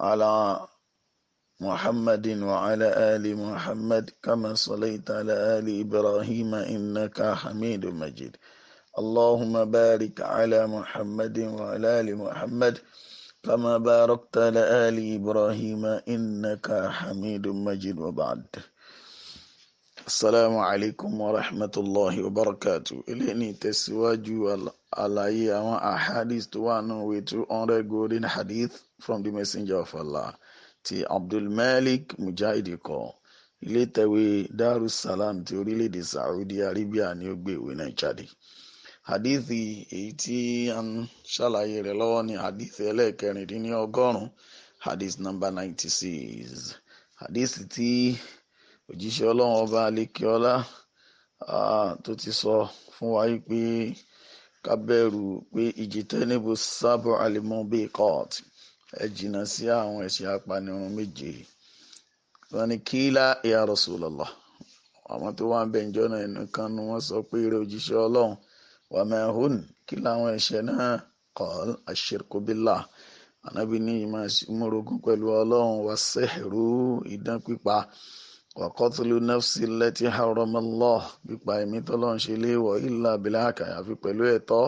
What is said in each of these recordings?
على محمد وعلى آل محمد كما صليت على آل إبراهيم إنك حميد مجيد اللهم بارك على محمد وعلى آل محمد كما باركت على آل إبراهيم إنك حميد مجيد وبعد السلام عليكم ورحمة الله وبركاته إليني تسواجي على أيام أحاديث توانا ويتو أون حديث from the messenger of Allah ti Abdulmalik Mujahid kọ ilé tẹ̀wé Darussalam ti orílẹ̀-èdè Saudi Arabia ni ó gbé ìwé náà jáde hadithi èyí tí a ń ṣàlàyé rẹ̀ lọ́wọ́ ni hadithi ẹlẹ́ẹ̀kẹrìndínlọ́gọ́rùn-ún hadith number ninety six hadith tí òjíṣẹ́ ọlọ́run ọba alekiola tó ti sọ fún wa pé kábẹ́rù pé ìjìtẹ́ níbo sábọ̀ alimọ́ bíi kọ́ọ̀tù ẹ jìnnà sí àwọn ẹ̀ṣẹ̀ apanirun méje wọ́n ní kílá ya Rasulullah àwọn tó wà ń bẹ̀ ǹjọ́ náà nìkan ni wọ́n sọ pé eré òjíṣẹ́ ọlọ́run wà ma hun kí làwọn ẹ̀ṣẹ̀ náà qal ashirku billah ànábì ní ìmọ̀ ìmúrogún pẹ̀lú ọlọ́run wà sẹ́hẹ̀rú idán pípa wa qatlu nafsi haramallah pípa ẹ̀mí ṣe léèwọ̀ illa bilhaq àyàfi pẹ̀lú ẹ̀tọ́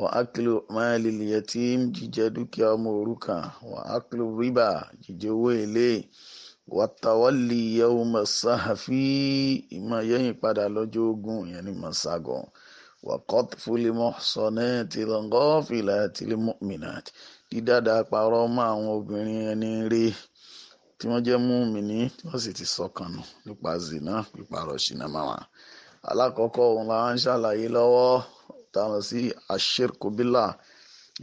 wà á kìlò máàlì lìyẹtì jíjẹ dúkìá ọmọ òrukàn wà á kìlò rìbá jíjẹ owó èlé wàtàwọ́lì yẹ̀wò mọ̀sáhàfí ìmọ̀ yẹ́yìn padà lọ́jọ́ ogun ìyẹn ní mọ̀ságàn wàkọ́t fúlimọ̀ sọ̀nẹ́ tìlọ̀ngọ́fìlà tìlímọ̀mìnàt dídáda parọ́ mọ́ àwọn obìnrin ẹni rí tí wọ́n jẹ́ múmìnì tí wọ́n sì ti sọkànnù nípa zina píparọ́ ṣìnàmáwá alákọ̀ọ́kọ́ òun làwọn ń ṣàlàyé lọ́wọ́ tá a lọ sí àṣírkùbílà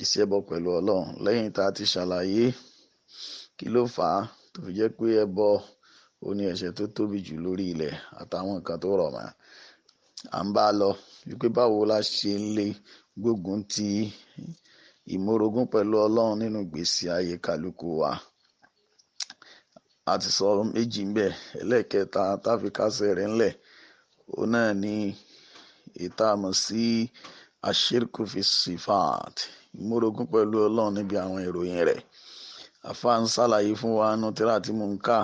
ìṣẹbọ pẹ̀lú ọlọ́run lẹ́yìn tá a ti ṣàlàyé kí ló fà á tó fi jẹ́ pé ẹbọ ó ní ẹ̀ṣẹ̀ tó tóbi jù lórí ilẹ̀ àtàwọn nǹkan tó rọ̀ mọ́ à ń bá a lọ wípé báwo la ṣe lè gbógun ti ìmórogún pẹ̀lú ọlọ́run nínú ìgbésí ayé kálukú wa a ti sọ méjì ń bẹ ẹlẹ́ẹ̀kẹta táfi kásẹ̀ rẹ̀ ńlẹ̀ òun náà ni ìta sí. Si, àṣírkù fi sifat ìmúrogún pẹ̀lú ọlọ́run níbi àwọn ìròyìn rẹ̀ afa ń ṣàlàyé fún wa nu tíra tí mo ń kà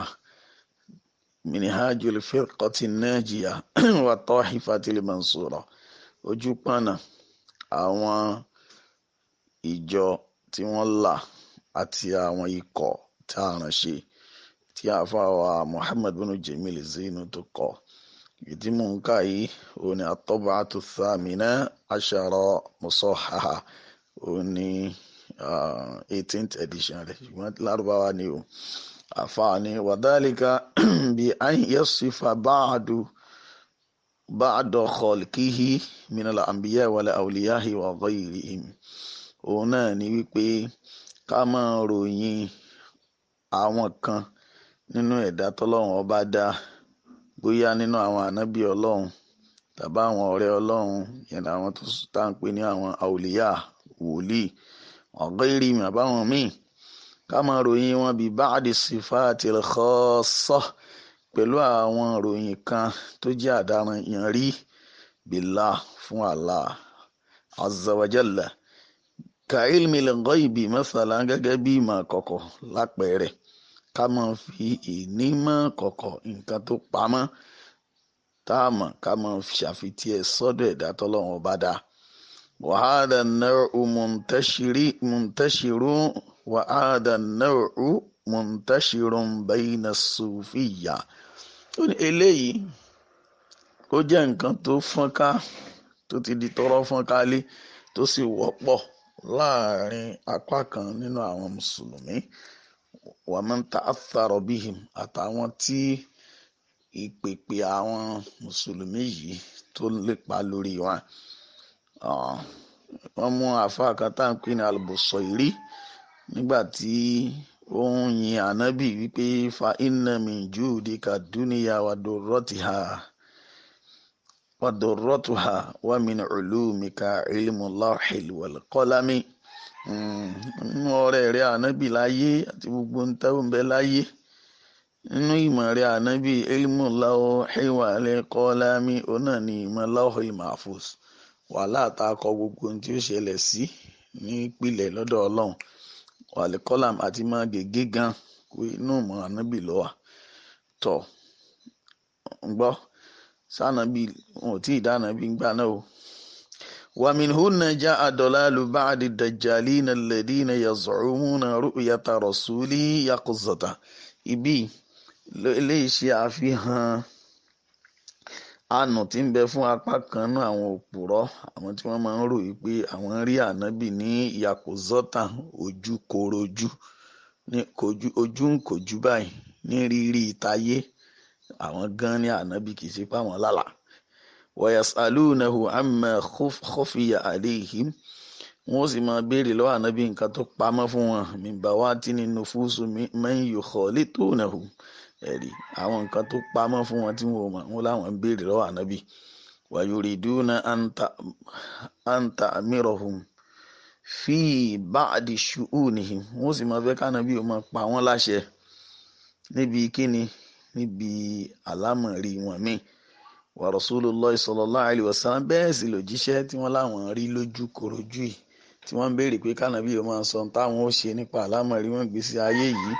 minihajul firqati najiya wa tahifatil mansura ojú pọnà àwọn ìjọ tí wọ́n là àti àwọn ikọ̀ tá a ránṣẹ́ tí àfa wa Muhammad bin Jamil Zinu tó kọ ìdí mò ń kà yìí òun ni at-tab'atu thamina ashara musahhaha òun ni eighteenth edition rẹ̀ ṣùgbọ́n lárúbáwá ni o àfààní wa dhalika bí an yasifa ba'du ba'da khalqihi minal anbiya wal awliyahi wa ghayrihim òun náà ni wípé ká máa ròyìn àwọn kan nínú ẹ̀dá tọ́lọ́run ọba dá bóyá nínú àwọn ànábì ọlọ́run tàbá àwọn ọ̀rẹ́ ọlọ́run yẹn àwọn tó tá à ń pè ní àwọn àwòlíyà wòlíì ọ̀gẹ́rì mi àbáwọn míì ká máa ròyìn wọn bíi báàdì sífáàtì kọ́ọ́sọ́ pẹ̀lú àwọn ròyìn kan tó jẹ́ àdáran yẹn rí bìlà fún Allah azza wa jalla ka ilmi gẹ́gẹ́ bí ìmọ̀ àkọ́kọ́ lápẹẹrẹ ká máa fi ìnímọ̀ kọ̀kọ̀ nǹkan tó pamọ́ tá a mọ̀ ká máa ṣàfitì ẹ̀ sọ́dọ̀ ẹ̀dá tọ́lọ́run ọba dá wàhádà náírù mùntẹ́ṣirú wàhádà náírù mùntẹ́ṣirú bẹ́yìnà sùfìyà ó ní eléyìí ó jẹ́ nǹkan tó fọ́nká tó ti di tọrọ fọ́nká lé tó sì wọ́pọ̀ láàrin apá kan nínú àwọn mùsùlùmí wa man ta'aththara bihim àtàwọn tí ìpèpè àwọn mùsùlùmí yìí tó lépa lórí wọn. Ah, wọ́n mú àáfàá kan tá à ń pè ní al-Busayri nígbà tí ó ń yin ànábì wípé fa inna min juudika dunya wa durratiha wa durratuha wa min ulumika ilmu lawhil wal qalami nínú ọ̀rẹ́ rẹ̀ ànábì láyé àti gbogbo ń tẹ́wọ̀n bẹ́ẹ̀ láyé nínú ìmọ̀ rẹ̀ ànábì ilmu láwọ̀ ẹ̀wà lẹ́kọ́ lámì ọ̀nà ní ìmọ̀ láwọ̀ ìmàfos wàhálà tá a kọ gbogbo ohun tí ó ṣẹlẹ̀ sí ní ìpìlẹ̀ lọ́dọ̀ ọlọ́run wàlẹ́kọ́làm àti máa gègé gan kó inú ìmọ̀ ànábì lọ́wà tọ̀ ń gbọ́ sànàbì wọn ò tí ì dáná bí ń gbà náà o ومنهن جاء ضلال بعد الدجالين الذين يزعمون رؤية رسوله يقظته ibi eléyìí ṣe àfihàn àánú tí ń bẹ fún apá kan náà àwọn òpùrọ́ àwọn tí wọ́n máa ń ròyìn pé àwọn rí ànábì ní yakuzota ojú korojú ní kojú ojú ń kojú báyìí ní rírí ìtayé àwọn gan ní ànábì kì í ṣe pé lálàá wayasalunahu amma khufiya alehim wọ́n sì máa béèrè lọ́wọ́ ànábì nǹkan tó pamọ́ fún wọn mìbá wá tí nínú fúúsù man yukhalitoonahu ẹ̀rí àwọn nǹkan tó pamọ́ fún wọn tí wọn ò mọ̀ wọn láwọn ń béèrè lọ́wọ́ ànábì wa yuriduna an ta'mirahum fi ba'di shu'unihim wọ́n sì máa fẹ́ kánábì ó máa pa wọ́n láṣẹ níbi kíni níbi àlámọ̀rí wọn míì wa Rasulullah sallallahu alaihi wasallam bẹ́ẹ̀ sì lòjíṣẹ́ tí wọ́n láwọn rí lójú korojú yìí tí wọ́n ń béèrè pé kánàbí yóò máa sọ táwọn ó ṣe nípa àlámọ̀rí wọn gbèsè ayé yìí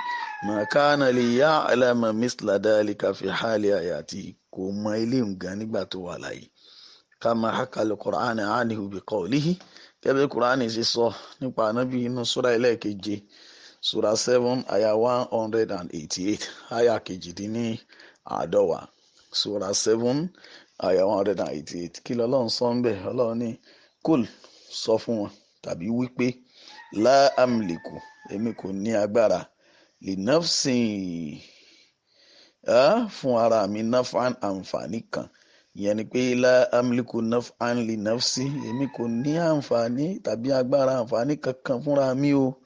mà kánà lè yá àlámà mísìlá dáálì káfí hálì àyàtì kò mọ ilé nǹkan nígbà tó wà láyé ká máa hákàlẹ̀ kùránì àánihù bí qawlihi gẹ́gẹ́ kùránì ṣe sọ nípa ànábì inú súra ẹlẹ́ẹ̀keje súra seven àyà one hundred and eighty eight àyà kejìdínní àádọ́wàá sura seven aya one hundred and eighty eight kí lọ́lọ́run sọ ń bẹ̀ ọlọ́run ní kúl sọ fún wọn tàbí wípé la amliku èmi kò ní agbára li nafsin ah, fún ara mi nafan àǹfààní kan ìyẹn ni pé la amliku nafan li nafsi èmi kò ní àǹfààní tàbí agbára àǹfààní kankan fúnra mi o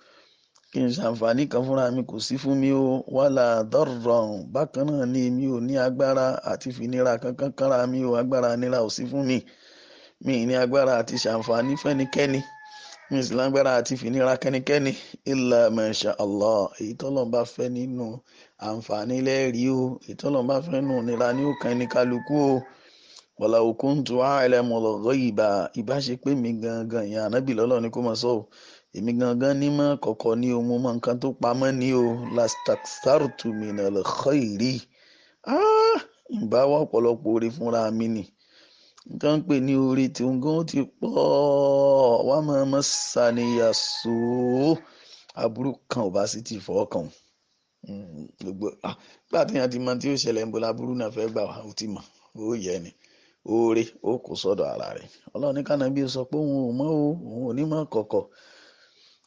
kí n ṣàǹfààní kan fúnra mi kò sí fún mi ó wàhálà dọ́rọ̀rùn bákan náà ni mi ò ní agbára àti fìnira kankan kanra mi ò agbára nira ò sí fún mi mi ní agbára àti ṣàǹfààní fẹ́nikẹ́ni mi sì lágbára àti fìnira kẹ́nikẹ́ni illa masha Allah èyí tọ́lọ́n bá fẹ́ nínú àǹfààní lẹ́rìí o èyí tọ́lọ́n bá fẹ́ nù nira ní òkàn ẹni kálukú o wàláwò kóńtù àìlẹ mọlọgọ ìbà ìbáṣe pé mi gangan ìyá ànábì lọlọ ni kò mọ sọ èmi gangan ní mọ kọkọ ní o mo mọ nǹkan tó pamọ́ ní o lastaxartu minal khairi ìbá ah, wà ọ̀pọ̀lọpọ̀ orí fúnra mi nì nǹkan ń pè ní orí tí nǹkan ó ti pọ̀ wà máa mọ sàníyàn so aburú kan ò bá sì ti fọ́ kàn hmm, gbogbo ah, gbàtí ti mọ tí ó ṣẹlẹ̀ ń bọ̀ láburú náà fẹ́ gbà ó ti mọ̀ ó yẹ ni oore ó kó sọ́dọ̀ ara rẹ̀ ọlọ́run ní kànábí sọ pé òun ò mọ̀ o òun ò ní mọ̀ kọ̀kọ̀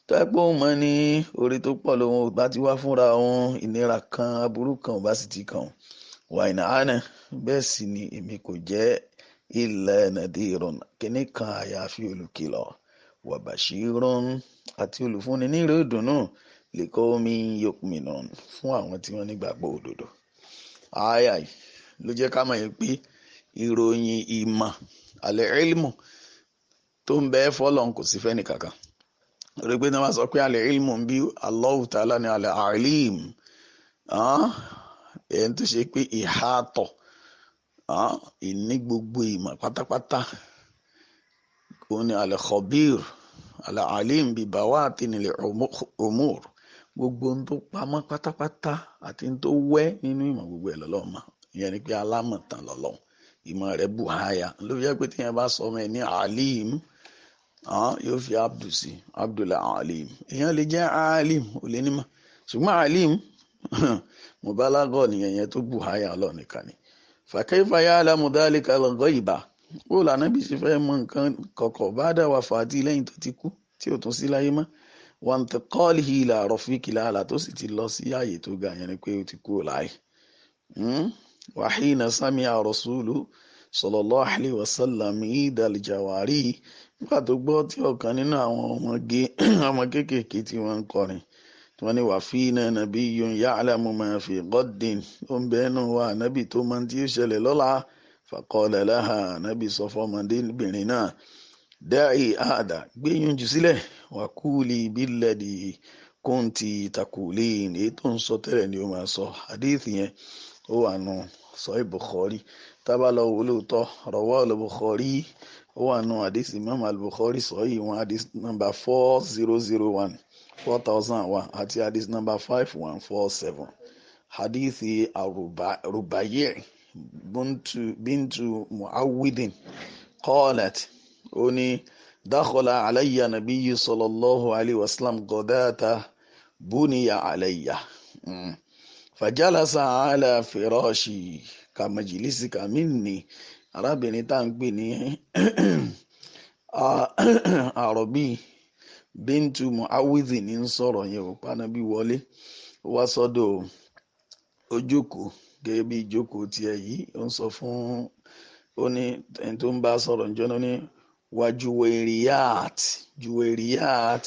tó ẹ pé òun mọ̀ ní oore tó pọ̀ lòun ò bá ti wá fúnra òun ìnira kan aburú kan ò bá sì ti kàn wà ìnà ànà bẹ́ẹ̀ sì ni èmi kò jẹ́ ilẹ̀ nàdírùn kíní kan àyàfi olùkìlọ̀ wàbàṣírùn àti olùfúnni ní ìró ìdùnnú lè kọ́ omi yọkùnmínà fún àwọn tí wọ́n nígbàgbọ́ òdodo. ààyè ló jẹ́ ká mọ̀ yẹn pé ìròyìn ìmọ̀ àlẹ́ ilmu tó ń bẹ fọ́lọ́n kò sí fẹ́ni kankan rí pé ní wọ́n sọ pé àlẹ́ ilmu ń bí Allahu ta'ala ní àlẹ́ alim ẹni tó ṣe pé ìhàtọ̀ ìní gbogbo ìmọ̀ pátápátá òun ni àlẹ́ khabir àlẹ́ alim bí bàwáàtì nílẹ̀ umur gbogbo ohun tó pamọ́ pátápátá àti ohun tó wẹ́ nínú ìmọ̀ gbogbo ẹ̀ lọ́lọ́ọ̀ ìyẹn ni pé alámọ̀tàn lọ́lọ́ọ̀ ìmọ̀ rẹ̀ bù háyà ló fi jẹ́ pé tíyẹn bá sọ ọmọ ẹ̀ ní alim ah, yóò fi abdul sí abdullah alim èèyàn lè jẹ́ alim ò lè nímọ̀ ṣùgbọ́n alim mubalago nìyẹn yẹn tó bù háyà lọ nìkan ni fàkẹ́fà yà á lámú dálé kalọ̀ngọ́ ìbá ó lànà bí ṣe fẹ́ mọ nǹkan kọ̀kọ̀ bá dà wà fàtí lẹ́yìn tó ti kú tí ò tún sí láyé mọ́ wọn ti kọ́ọ̀lì ìlà rọ̀fíkì láàlà tó sì ti lọ sí ààyè tó ga yẹn ni pé ó ti kú láyé hmm? wàhíìnà sami àròsúlù sọlọ́lọ́ àlè wàsálàmù ìdàlìjàwárí nígbà tó gbọ́ tí ọ̀kan nínú àwọn ọmọ kéékèèké tí wọ́n ń kọrin tí wọ́n ní wàfíìnà nàbí yun yá àlàmù máa fi gọ́dìn ó ń bẹ́ẹ̀ nù wá nàbí tó máa ti ṣẹlẹ̀ lọ́la fàkọọ́lẹ̀ láha nàbí sọ fọmọdébìnrin náà dáì àdá gbẹ̀yìn jù sílẹ̀ wàkúùlì bílẹ̀dì kóńtì takùlì èyí tó ń sọ tẹ́lẹ̀ ni ó máa sọ àdéhìí yẹn ó wà nù sọ́yì bukhari tábà lọ wò lóòótọ́ rọwọ́ lọ bukhari ó wà nù àdìsí imam al sọ́yì wọn àdìsí nọ́mbà four zero zero one four thousand one àti àdìsí nọ́mbà five one four seven àdìsí àrùbáyé bintu bintu muawidin qalat ó ní dakhala alayya nabiyyu sallallahu alayhi wa sallam godata buniya alayya. Mm fàjálàsà àlà fèrọ́ọ̀ṣì kàmàjìlísì kàmínì arábìnrin tá à ń pè ní àròbí bíntu muawidhi ní ń sọ̀rọ̀ yẹn ò pánábí wọlé ó wá sọ́dọ̀ ojókòó gẹ́gẹ́ bí ìjókòó tiẹ̀ yìí ó ń sọ fún ó ní ẹni tó ń bá sọ̀rọ̀ níjọ́ náà ní wájú wẹ̀ríyàtì juweriyat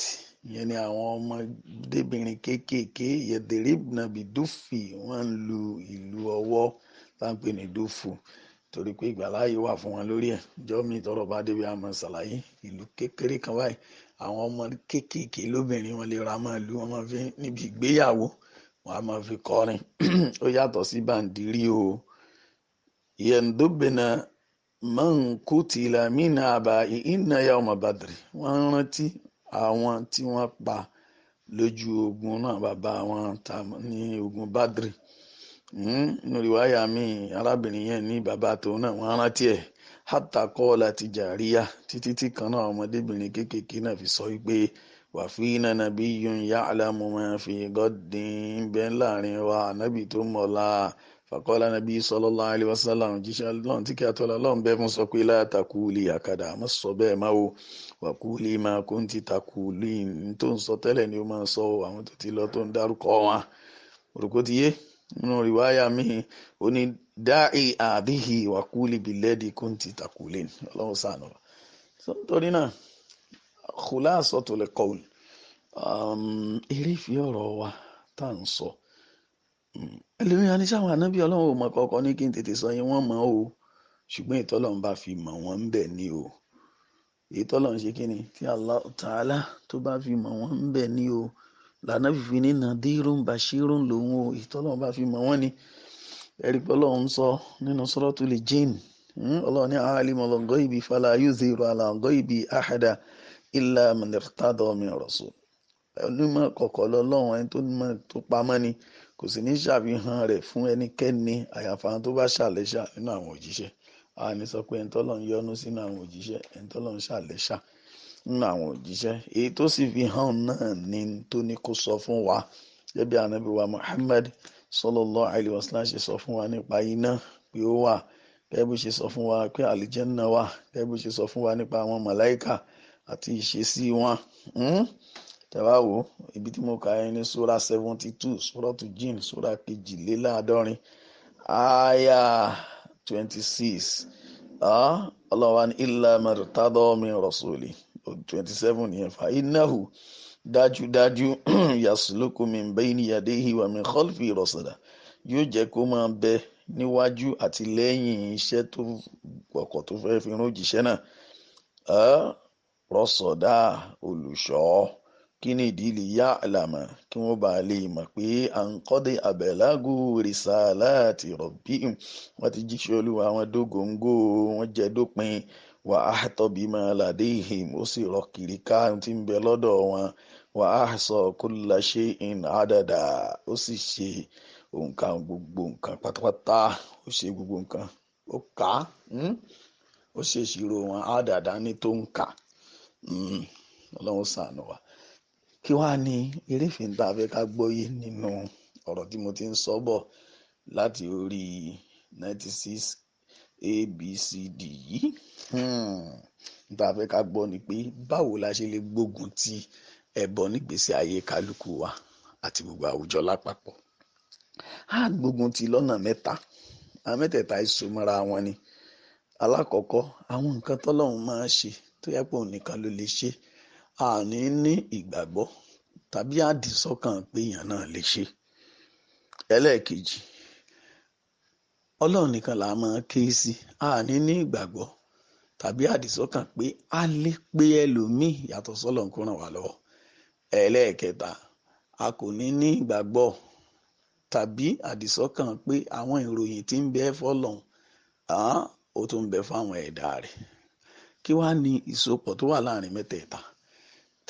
ìyẹn ni àwọn ọmọdébìnrin kéékèèké yẹdẹrìbìnà bìdúfì wọ́n ń lu ìlú ọwọ́ táǹpẹ ní dúfù torí pé ìgbàláyé wà fún wọn lórí ẹ jọmi tọrọ bá débi àmọ́ ṣàlàyé ìlú kékeré kan báyìí àwọn ọmọ kéékèèké lóbìnrin wọ́n lè ra máa lu wọn máa fi níbi ìgbéyàwó wọ́n á máa fi kọrin ó yàtọ̀ sí bàǹdírí o yẹndóbìnà mọ̀nkútìlámínà àbá ìhìnnà yà ọmọ bàdìrì wọ́n rántí àwọn tí wọ́n pa lójú ogun náà bàbá wọn ta ní ogun Badri nínú hmm, ìwáyà mi arábìnrin yẹn ní bàbá tòun náà wọ́n rántí ẹ̀ hátà kọ́ọ̀lá ti jàríyá títí tí kan náà ọmọdébìnrin kéékèèké náà fi sọ wípé wàfí nana bí yun yá alámúmọ́ fi gọ́dín bẹ́ẹ̀ láàrin wa ànábì tó mọ̀ọ́lá fàkọ́lá nàbí sọlọ́lá àlewàsálà jíṣẹ́ lọ́n tí kí a tọ́lá lọ́n bẹ́ẹ̀ fún sọ pé látàkù lè àkàdà àmọ́ sọ bẹ́ẹ̀ má o wàkú lè máa kó ń ti takù lè ń tó ń sọ tẹ́lẹ̀ ni ó máa sọ àwọn tó ti lọ tó ń dárúkọ wọn orúkọ ti yé nínú rìwáyà míì ó ní dáì àdìhì wàkú libi lẹ́ẹ̀dì kó ń ti takù lè ní ọlọ́run sànù wa. náà kò láàsọ sọ Ẹlòmíràn á ní sáwọn ànábì Ọlọ́run ò mọ̀ kọ̀ọ̀kan ní kí n tètè sọ yẹn wọ́n mọ̀ o ṣùgbọ́n ìtọ́lọ́run bá fi mọ̀ wọ́n ń bẹ̀ ni o èyí tọ́lọ́run ṣe kí ni tí Allah Ta'ala tó bá fi mọ̀ wọ́n ń bẹ̀ ni o lànà fífi ní nadirun bashirun lòun o ìtọ́lọ́run bá fi mọ̀ wọ́n ni ẹ̀rí pé Ọlọ́run sọ nínú Suratul Jinn hmm, Ọlọ́run ní alimul ghaibi fala yuziru ala ghaibi ahada illa man irtada min rasul onímọ̀ kọ̀kọ̀ lọ́lọ́run ẹni tó pamọ́ ni. kò sì ní ṣàfihàn rẹ fún ẹnikẹ́ni àyàfà tó bá ṣàlẹ́ṣà nínú àwọn òjíṣẹ́ àní sọ pé ẹ̀ńtọ́lọ́ ń yọ́nú sínú àwọn òjíṣẹ́ ẹ̀ńtọ́lọ́ ń ṣàlẹ́ṣà nínú àwọn òjíṣẹ́ èyí tó sì fi hàn náà ni tó ní kó sọ fún wa jẹ́bi wa wa nípa iná pé ó wa pé wà ṣe sọ tẹ́wá wò ó ibi tí mo kà ẹ́ ní sura seventy two sura tu jin sura kejìléláàádọ́rin aya twenty six ah, ọlọ́wà ní ilà mẹ́rìndínláàdọ́ mi rọ̀sọ̀lì oh, twenty seven yẹn fa ináhù dájúdájú yasuluku mi bẹ́ẹ̀ ni yàdéhì wà mí kọ́lfì rọ̀sọ̀dà yóò jẹ́ kó máa bẹ níwájú àti lẹ́yìn iṣẹ́ tó kọ̀kọ̀ tó fẹ́ fi rán òjíṣẹ́ náà ah, rọ̀sọ̀dà olùṣọ́ kí ni ìdí lè yá àlàmà kí wọ́n bá lè mọ̀ pé à ń kọ́dé àbẹ̀lágù rìsà láti rọ̀bí wọ́n ti jíṣẹ́ olúwa wọn dógóńgó wọ́n jẹ́ dópin wà á tọ́bi máa làdé ìhìn ó sì rọ kiri tí ń bẹ lọ́dọ̀ wọn wà á sọ kulla shay'in àdàdà ó sì ṣe òǹkà gbogbo nǹkan pátápátá ó ṣe gbogbo nǹkan ó kà á hmm? ó ṣèṣirò wọn àdàdà ní tó ń kà hmm, ọlọ́run ṣàánú wa. Kí wá ni eréfìí tá a fẹ́ ká gbọ́yé nínú ọ̀rọ̀ tí mo ti ń sọ bọ̀ láti orí 96 ABCD yìí? Hmm. Tá a fẹ́ ká gbọ́ ni pé báwo la ṣe lè gbógun ti ẹbọ nígbésí ayé kálukú wa àti gbogbo àwùjọ lápapọ̀. A gbógun ti lọ́nà mẹ́ta. Àwọn mẹ́tẹ̀ẹ̀ta èso mọ́ra wọn ni. Alákọ̀ọ́kọ́, àwọn nǹkan tọ́lọ́run máa ń ṣe tó yẹ pé òun nìkan ló lè ṣe é àní ní ìgbàgbọ́ tàbí àdìsọ́kàn pé èèyàn náà lè ṣe ẹlẹ́ẹ̀kejì ọlọ́run nìkan là á máa ké sí àní ní ìgbàgbọ́ tàbí àdìsọ́kàn pé a lè pe ẹlòmíì yàtọ̀ sọ́lọ́run kó ràn wá lọ́wọ́ ẹlẹ́ẹ̀kẹta a kò ní ní ìgbàgbọ́ tàbí àdìsọ́kàn pé àwọn ìròyìn tí ń bẹ fọ́lọ́run ó tún ń bẹ fáwọn ẹ̀dá rẹ̀ kí wàá ní ìsopọ̀ tó wà láàrin mẹ́tẹ̀ẹ̀ta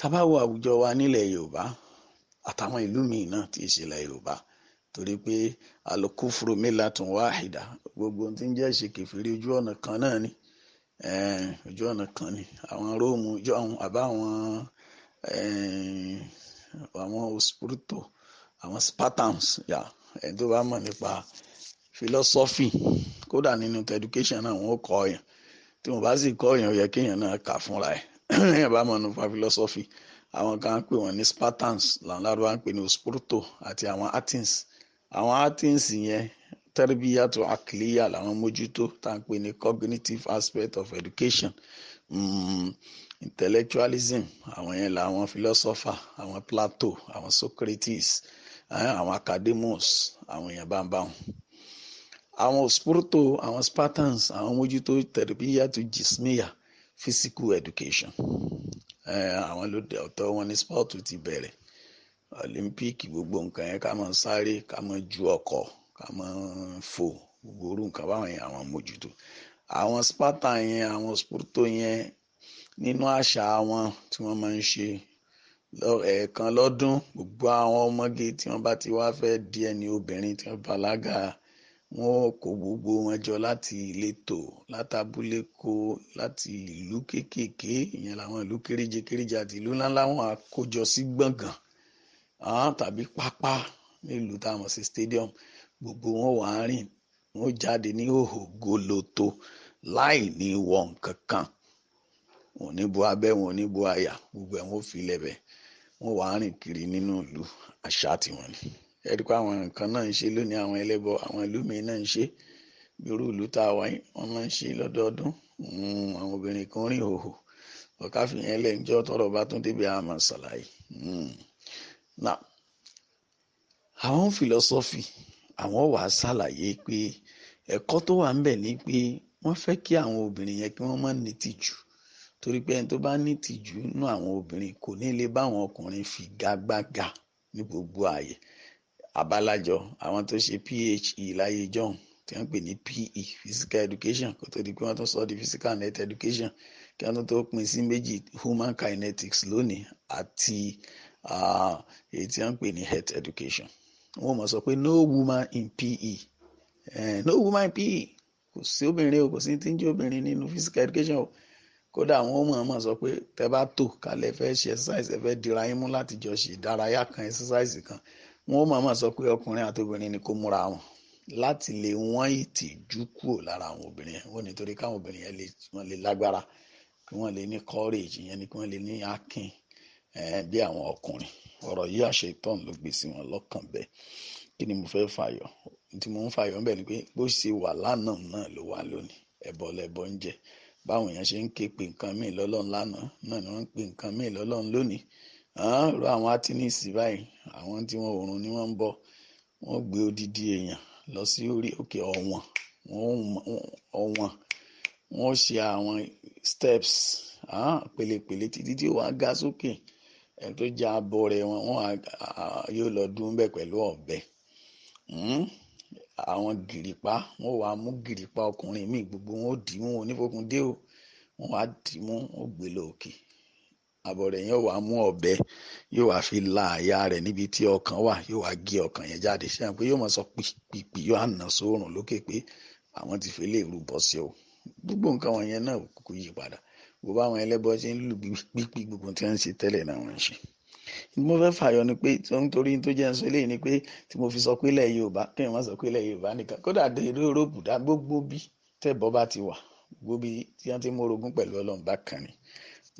tá àwùjọ wa nílẹ̀ yorùbá àtàwọn ìlú míì náà tí í ṣe ilẹ̀ yorùbá torí pé alukufuru milatun wahida gbogbo tí ń jẹ́ ṣe kẹfìrí ojú ọ̀nà kan náà ni ojú ọ̀nà kan ni àwọn róòmù ojú àwọn àbáwọn àwọn ospirito àwọn spartans yà ẹni tó bá mọ̀ nípa philosophy kódà nínú education náà wọ́n kọ́ ọ̀yàn tí wọ́n bá sì kọ́ ọ̀yàn ó yẹ kéèyàn náà kà fúnra ẹ̀ èèyàn bá mọ̀ nípa philosophy àwọn kan ń pè wọ́n ní spartans làwọn lárúbá ń pè ní osporto àti àwọn athens àwọn athens yẹn tẹ́rìbíyà tó àkìlíyà làwọn mójútó tá à ń pè ní cognitive aspect of education um, intellectualism àwọn yẹn làwọn philosopher àwọn plato àwọn socrates eh, àwọn academus àwọn èèyàn báńbáwọn àwọn osporto àwọn spartans àwọn mójútó tẹ́rìbíyà tó jismiya physical education àwọn ló dé ọ̀tọ̀ wọn ní sport ti bẹ̀rẹ̀ olympic gbogbo nǹkan yẹn ká máa sáré ká máa ju ọkọ̀ ká máa fò gbogbo orú nǹkan báwọn yẹn àwọn mójútó àwọn spartan yẹn àwọn sporto yẹn nínú àṣà wọn tí wọ́n máa ń ṣe ẹ̀ẹ̀kan lọ́dún gbogbo àwọn ọmọge tí wọ́n bá ti wá fẹ́ di ẹni obìnrin tí wọ́n bàlágà Wọ́n kó gbogbo wọn jọ láti ìletò látàbúlé kó láti ìlú kéékèèké ìyẹn làwọn ìlú kéréje kéréje àti ìlú ńláńlá wọn á sí gbọ̀ngàn tàbí pápá nílùú táwọn sí stadium gbogbo wọn wà á rìn wọn jáde ní hòhò gòlòtò láì ní wọ nǹkan kan wọn ní bo abẹ́ wọn ní bo àyà gbogbo ẹ̀ wọn ò fi lẹ̀ wọn wà á rìn kiri nínú ìlú àṣà tiwọn ni ẹ rí i pé àwọn nǹkan náà ń ṣe lónìí àwọn ẹlẹ́bọ àwọn ìlú mi náà ń ṣe irú ìlú tá a wà yìí wọ́n máa ń ṣe lọ́dọọdún hmm, àwọn obìnrin kan rìn hòhò ọ̀ká fìyẹn lẹ́ńjọ́ tọrọ bá tún débi àmọ́ ṣàlàyé. Hmm. now àwọn fìlọ́sọ́fì àwọn wàá ṣàlàyé pé ẹ̀kọ́ tó wà ń bẹ̀ ni pé wọ́n fẹ́ kí àwọn obìnrin yẹn kí wọ́n má ní tìjú torí pé ẹni tó bá ní tìjú nínú àwọn obìnrin kò ní lè bá àwọn ọkùnrin figagbága ní gbogbo ààyè àbálájọ àwọn tó ṣe PHE láyé john tí wọ́n pè ní PE physical education kó tó di pé wọ́n tún sọ di physical net education kí wọ́n tún tó pín sí méjì human kinetics lónìí àti èyí tí wọ́n pè ní health education wọ́n mọ̀ sọ pé no woman in PE no woman in PE kò sí obìnrin o kò sí tí obìnrin nínú physical education o kódà àwọn ọmọ ọmọ sọ pé tẹ bá tò kalẹ̀ fẹ́ ṣe exercise ẹ fẹ́ dira yín láti jọ ṣe ìdárayá kan exercise kan wọn ó máa máa sọ pé ọkùnrin àti obìnrin ni kó múra wọn láti lè wọ́n ìtìjú kúrò lára àwọn obìnrin yẹn wọ́n nítorí káwọn obìnrin yẹn lè wọ́n lè lágbára kí wọ́n lè ní courage yẹn ni kí wọ́n lè ní akin bí àwọn ọkùnrin ọ̀rọ̀ yìí àṣetán ló gbé sí wọn lọ́kàn bẹ́ẹ̀ kí ni mo fẹ́ fàyọ tí mo ń fàyọ ńbẹ̀ ni pé bó ṣe wà lánàá náà ló wà lónìí ẹbọ lẹbọ ń jẹ báwọn èèyàn ṣe ń ké pe nǹkan míì lọ́lọ́run lánàá náà ni wọ́n ń pe nǹkan míì lọ́lọ́run lónìí ru àwọn átínìsì báyìí àwọn tí wọn òòrùn ni wọ́n ń bọ̀ wọ́n gbé odidi èèyàn lọ sí orí òkè ọ̀wọ̀n ọ̀wọ̀n wọ́n ṣe àwọn steps pèlépèlé títí tí wọ́n á ga sókè ẹni tó jẹ́ abo rẹ̀ wọn wọ́n yóò lọ dún bẹ́ẹ̀ pẹ̀lú ọ̀bẹ hmm? àwọn gìrìpá wọ́n wàá mú gìrìpá ọkùnrin míì gbogbo wọn ò dì í mú onífokùn dé o wọ́n wàá dì í gbé lọ àbọ̀rẹ̀ yẹn wàá mú ọ̀bẹ yóò wàá fi la àyà rẹ̀ níbi tí ọkàn wà yóò wàá gé ọkàn yẹn jáde ṣé wọn pé yóò máa sọ pìpì yóò àná sóòrùn lókè pé àwọn ti fi lè rúbọ sí o gbogbo nǹkan wọn yẹn náà kò yí padà gbogbo àwọn ẹlẹ́bọ ṣe ń lù pípí gbogbo tí wọ́n ń ṣe tẹ́lẹ̀ náà wọ́n ń ṣe mo fẹ́ fàyọ ni pé nítorí tó jẹ́ sọ eléyìí ni pé tí mo fi sọ pé ilẹ̀ Yorùbá kí wọ́n sọ pé ilẹ̀ Yorùbá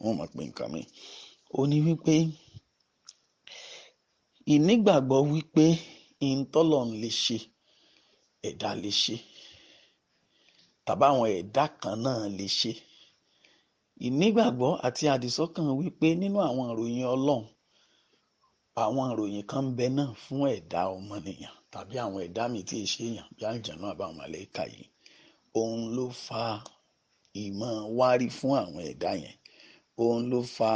wọ́n mọ̀ pé nǹkan mi ó ní wípé ìnígbàgbọ́ wípé ìǹtọ́lọ̀ ń lè ṣe ẹ̀dá lè ṣe tàbáwọn ẹ̀dá kan náà lè ṣe ìnígbàgbọ́ àti àdìsọ́kàn wípé nínú àwọn ìròyìn ọlọ́run àwọn ìròyìn kan ń bẹ náà fún ẹ̀dá ọmọnìyàn tàbí àwọn ẹ̀dá mi tí ì ṣe èèyàn bí àlùjànnú àbáwọn màlẹ́kà yìí òun ló fa ìmọ̀ wárí fún àwọn ẹ̀dá yẹn òun ló fa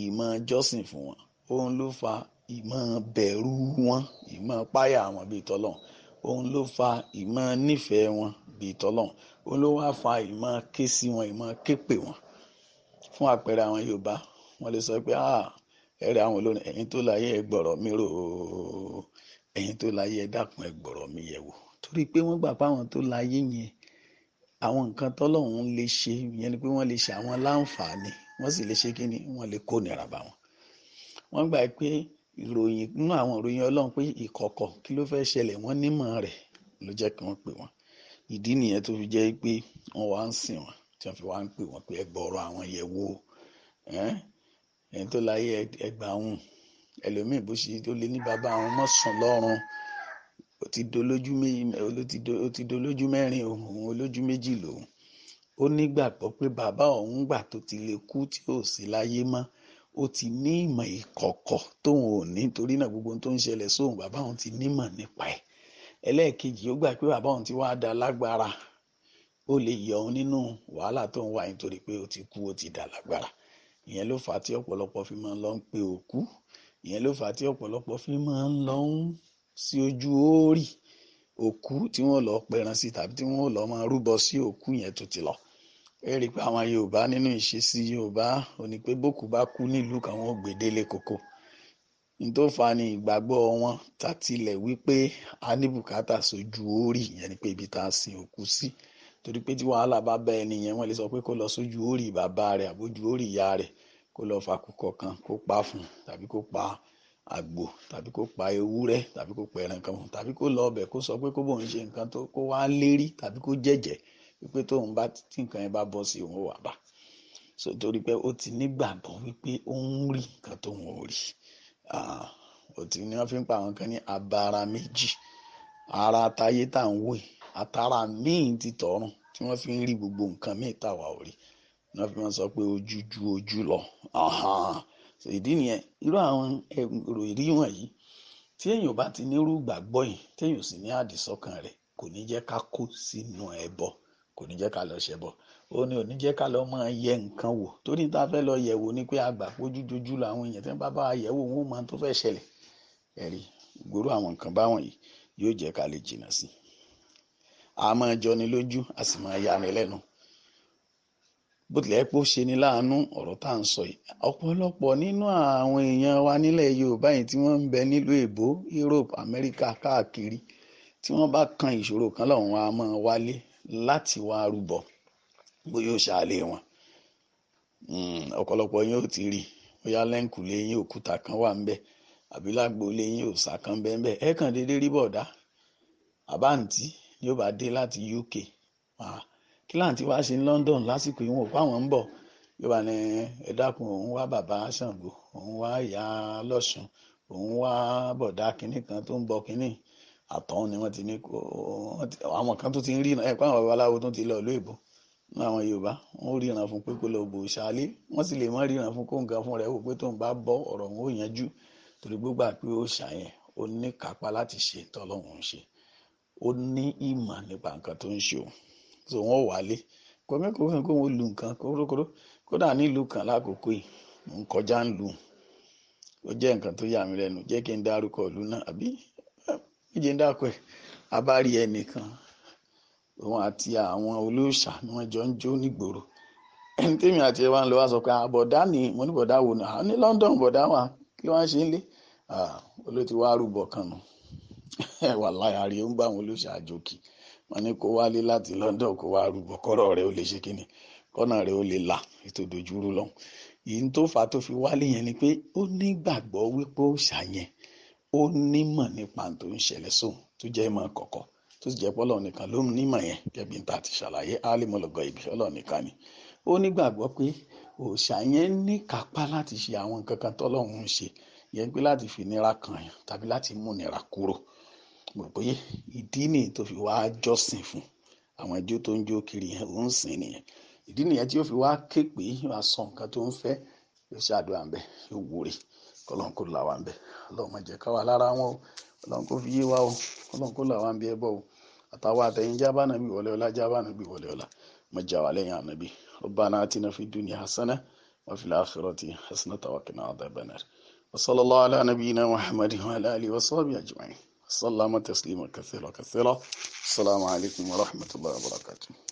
ìmọ̀ jọ́sìn fún wọn òun ló fa ìmọ̀ bẹ̀rù wọn ìmọ̀ páyà wọn bíi tọ́lọ̀ òun ló fa ìmọ̀ nífẹ̀ẹ́ wọn bíi tọ́lọ̀ òun ló wá fa ìmọ̀ ké sí wọn ìmọ̀ ké pè wọn fún àpẹẹrẹ àwọn Yorùbá wọn lè sọ pé ah ẹrẹ àwọn olórin ẹ̀yin tó láyé ẹ gbọ́rọ̀ mi rò ó ẹ̀yin tó láyé ẹ dákun ẹ gbọ́rọ̀ mi yẹ̀ wò torí pé wọ́n gbà páwọn tó láyé yẹn àwọn nǹkan tọ́lọ́hún lè ṣe ìyẹn ni pé wọ́n lè ṣe àwọn láǹfààní wọ́n sì lè ṣe kí ni wọ́n lè kó nira bá wọn. wọ́n gbà pé ìròyìn nínú àwọn ìròyìn ọlọ́run pé ìkọ̀kọ̀ kí ló fẹ́ẹ́ ṣẹlẹ̀ wọ́n nímọ̀ rẹ̀ ló jẹ́ kí wọ́n pè wọ́n ìdí nìyẹn tó fi jẹ́ pé wọ́n wá ń sìn wọ́n tí wọ́n fi wá ń pè wọ́n pé ẹgbọ̀rọ̀ àwọn yẹ̀ wò ẹni tó láyé ẹgbà ọ̀hún ẹlòmíì bó ṣe tó lé ní bàbá àwọn mọ́ sùn lọ́rùn ó ti dolójú mẹ́rin òun olójú méjì lòun ó nígbàgbọ́ pé bàbá òun gbà tó ti lè kú tí ò sí láyé mọ́ ó ti ní ìmọ̀ ìkọ̀kọ̀ tóun ò ní torí náà gbogbo tó ń ṣẹlẹ̀ sóun bàbá òun ti nímọ̀ nípa ẹ̀ ẹlẹ́ẹ̀kejì ó gbà pé bàbá òun ti wá da lágbára ó lè yọ òun nínú wàhálà tó ń wà yín torí pé ó ti kú ó ti dà lágbára ìyẹn ló fà á tí ọ̀pọ̀lọpọ̀ fi máa ń lọ ń òkú ìyẹn ló fà á tí ọ̀pọ̀lọpọ̀ fi máa ń lọ sí ojú oórì òkú tí wọ́n lọ pẹran sí tàbí tí wọ́n lọ máa rúbọ sí òkú yẹn tó ti lọ ẹ rí i pé àwọn yorùbá nínú ìṣesí yorùbá ò ní pé bókù bá kú nílùú kan wọn ò gbèdélé koko ní tó fa ni ìgbàgbọ́ wọn tátilẹ̀ wípé a ní bùkátà sójú orí ìyẹn ni pé ibi tá a sin òkú sí torí pé tí wàhálà bá bá ẹni yẹn wọ́n lè sọ pé kó lọ sójú orí bàbá rẹ̀ àbójú orí ìyá rẹ̀ kó lọ fakùkọ kan kó pa fún tàbí kó pa àgbò tàbí kó pa ewúrẹ́ tàbí kó pa ẹran tàbí kó lọ ọbẹ̀ kó sọ pé kó bóun ṣe nǹkan tó kó wá lérí tàbí kó jẹ̀jẹ̀ wípé tóun bá tí nǹkan yẹn bá bọ́ sí òun wà bá so torí pé ó ti nígbàgbọ́ wípé ó ń rí nǹkan tóun ò rí ó ti ní wọ́n fi ń pa àwọn kan ní abara méjì ara táyé tá à ń wò àtàrà míì ti tọ̀run tí wọ́n fi ń rí gbogbo nǹkan míì tàwa ò rí wọ́n fi máa sọ pé ojú ju ojú lọ ìdí nìyẹn irú àwọn èrò ìrí wọ̀nyí tí èèyàn bá ti nírú ìgbàgbọ́ yìí téèyàn sì ní àdìsọ́kàn rẹ̀ kò ní jẹ́ ká kó sínú ẹbọ. E kò ní jẹ́ ká lọ ṣẹbọ ó ní ò ní jẹ́ ká lọ máa yẹ nǹkan wò torí tá a fẹ́ lọ yẹ̀ wò ni pé àgbà pójújojú làwọn èèyàn tí wọ́n bá bá wa yẹ̀ wò wọ́n máa tó fẹ́ ṣẹlẹ̀ ẹ̀rí gbòòrò àwọn nǹkan báwọn yìí yóò jẹ́ ká lè jìnnà sí i a máa jọni lójú a sì máa yani lẹ́nu bó tilẹ̀ pé ṣe ni láàánú ọ̀rọ̀ tá à ń sọ yìí ọ̀pọ̀lọpọ̀ nínú àwọn èèyàn wa nílẹ̀ Yorùbá yìí tí wọ́n ń bẹ nílùú èbó Europe Amẹ́ríkà káàkiri tí wọ́n bá kan ìṣòro kan lọ́hùn-ún a máa wálé láti wá rúbọ bóyá òòṣà ilé wọn hmm, ọ̀pọ̀lọpọ̀ yín ò ti rí bóyá lẹ́ǹkùlé yín òkúta kan wà ń bẹ̀ àbí lágbóolé yín òòṣà kan bẹ́ẹ̀ bẹ́ẹ̀ ẹ kàn déédéé rí bọ̀dá àbáǹtí ni ó bá dé láti UK kí láǹtí wá ṣe ní London lásìkò ìwọ̀n òkú àwọn ń bọ̀ yóò bá ní ẹ dákun òun wá bàbá Ṣàngó òun wá ìyá lọ́sùn òun wá bọ̀dá kinní kan tó ń bọ kinní àtọ̀hún ni wọ́n ti ní àwọn kan tó ti ń ríran ẹ̀pẹ́ àwọn babaláwo tó ti lọ ìlú èbó ní àwọn yorùbá wọn ò ríran fún pé kó lọ bò ṣáálé wọ́n sì lè má ríran fún kóńgá fún rẹ̀ wò pé tóun bá bọ́ ọ̀rọ̀ òun ò yanjú torí gbogbo àpé ó ṣàyẹn ó ní kápá láti ṣe tọ́lọ́hún ń ṣe ó ní ìmọ̀ nípa nǹkan tó ń ṣe òun so wọ́n wálé kọ́mẹ́kọ̀ọ́ kan kó méje ń dàpọ̀ ẹ̀ a bá rí ẹnìkan òun àti àwọn olóòṣà ni wọ́n jọ ń jó nígboro ẹni tèmi àti ẹ wá ń lọ wá sọ pé àbọ̀dá ni mo ní bọ̀dá wò náà ní London bọ̀dá wà kí wọ́n ṣe ń lé olóòtú wa rúbọ kan nù ẹwà láyàrí ó ń bá àwọn olóòṣà àjòkì wọ́n ní kó wálé láti London kó wá rúbọ kọ́rọ̀ rẹ̀ ó lè ṣe kíni kọ́nà rẹ̀ ó lè là ètò ìdójúrú lọ́hùn yìí tó fà á tó fi wálé yẹn ni pé ó nígbàgbọ́ wípé òòṣà yẹn ó nímọ̀ nípa tó ń ṣẹlẹ̀ sóun tó jẹ́ ìmọ̀ kọ̀kọ̀ tó sì jẹ́ pọ́lọ́ nìkan ló ń nímọ̀ yẹn gẹ́gẹ́ bí ta ti ṣàlàyé alimọ̀lọ́gọ́ ibi Ọlọ́run nìkan ni ó nígbàgbọ́ pé òòṣà yẹn ní kápá láti ṣe àwọn nǹkan kan tọ́lọ́run ń ṣe yẹn pé láti fi nira kan yàn tàbí láti mú nira kúrò mo rò pé ìdí nìyí tó fi wá jọ́sìn fún àwọn ẹjọ́ tó ń jó kiri yẹn ó ń sìn nìyẹn ìdí nìyẹn tí ó fi wá ké kọlọ́n kó là wá ń bẹ̀ ọlọ́run má jẹ́ ká wà lára wọn o ọlọ́run kó fi yé wa o ọlọ́run kó là wá ń bí ẹbọ o àtàwọn àtẹ̀yìn jábà nàbí wọlé ọlá jábà nàbí wọlé ọlá má jà wà lẹ́yìn ànábì Rabbana atina fid dunya hasana wa fil akhirati hasanata wa qina adhaban nar wa sallallahu ala nabiyyina Muhammadin wa ala alihi wa sahbihi ajma'in sallama taslima kathira kathira assalamu alaikum wa rahmatullahi wa barakatuh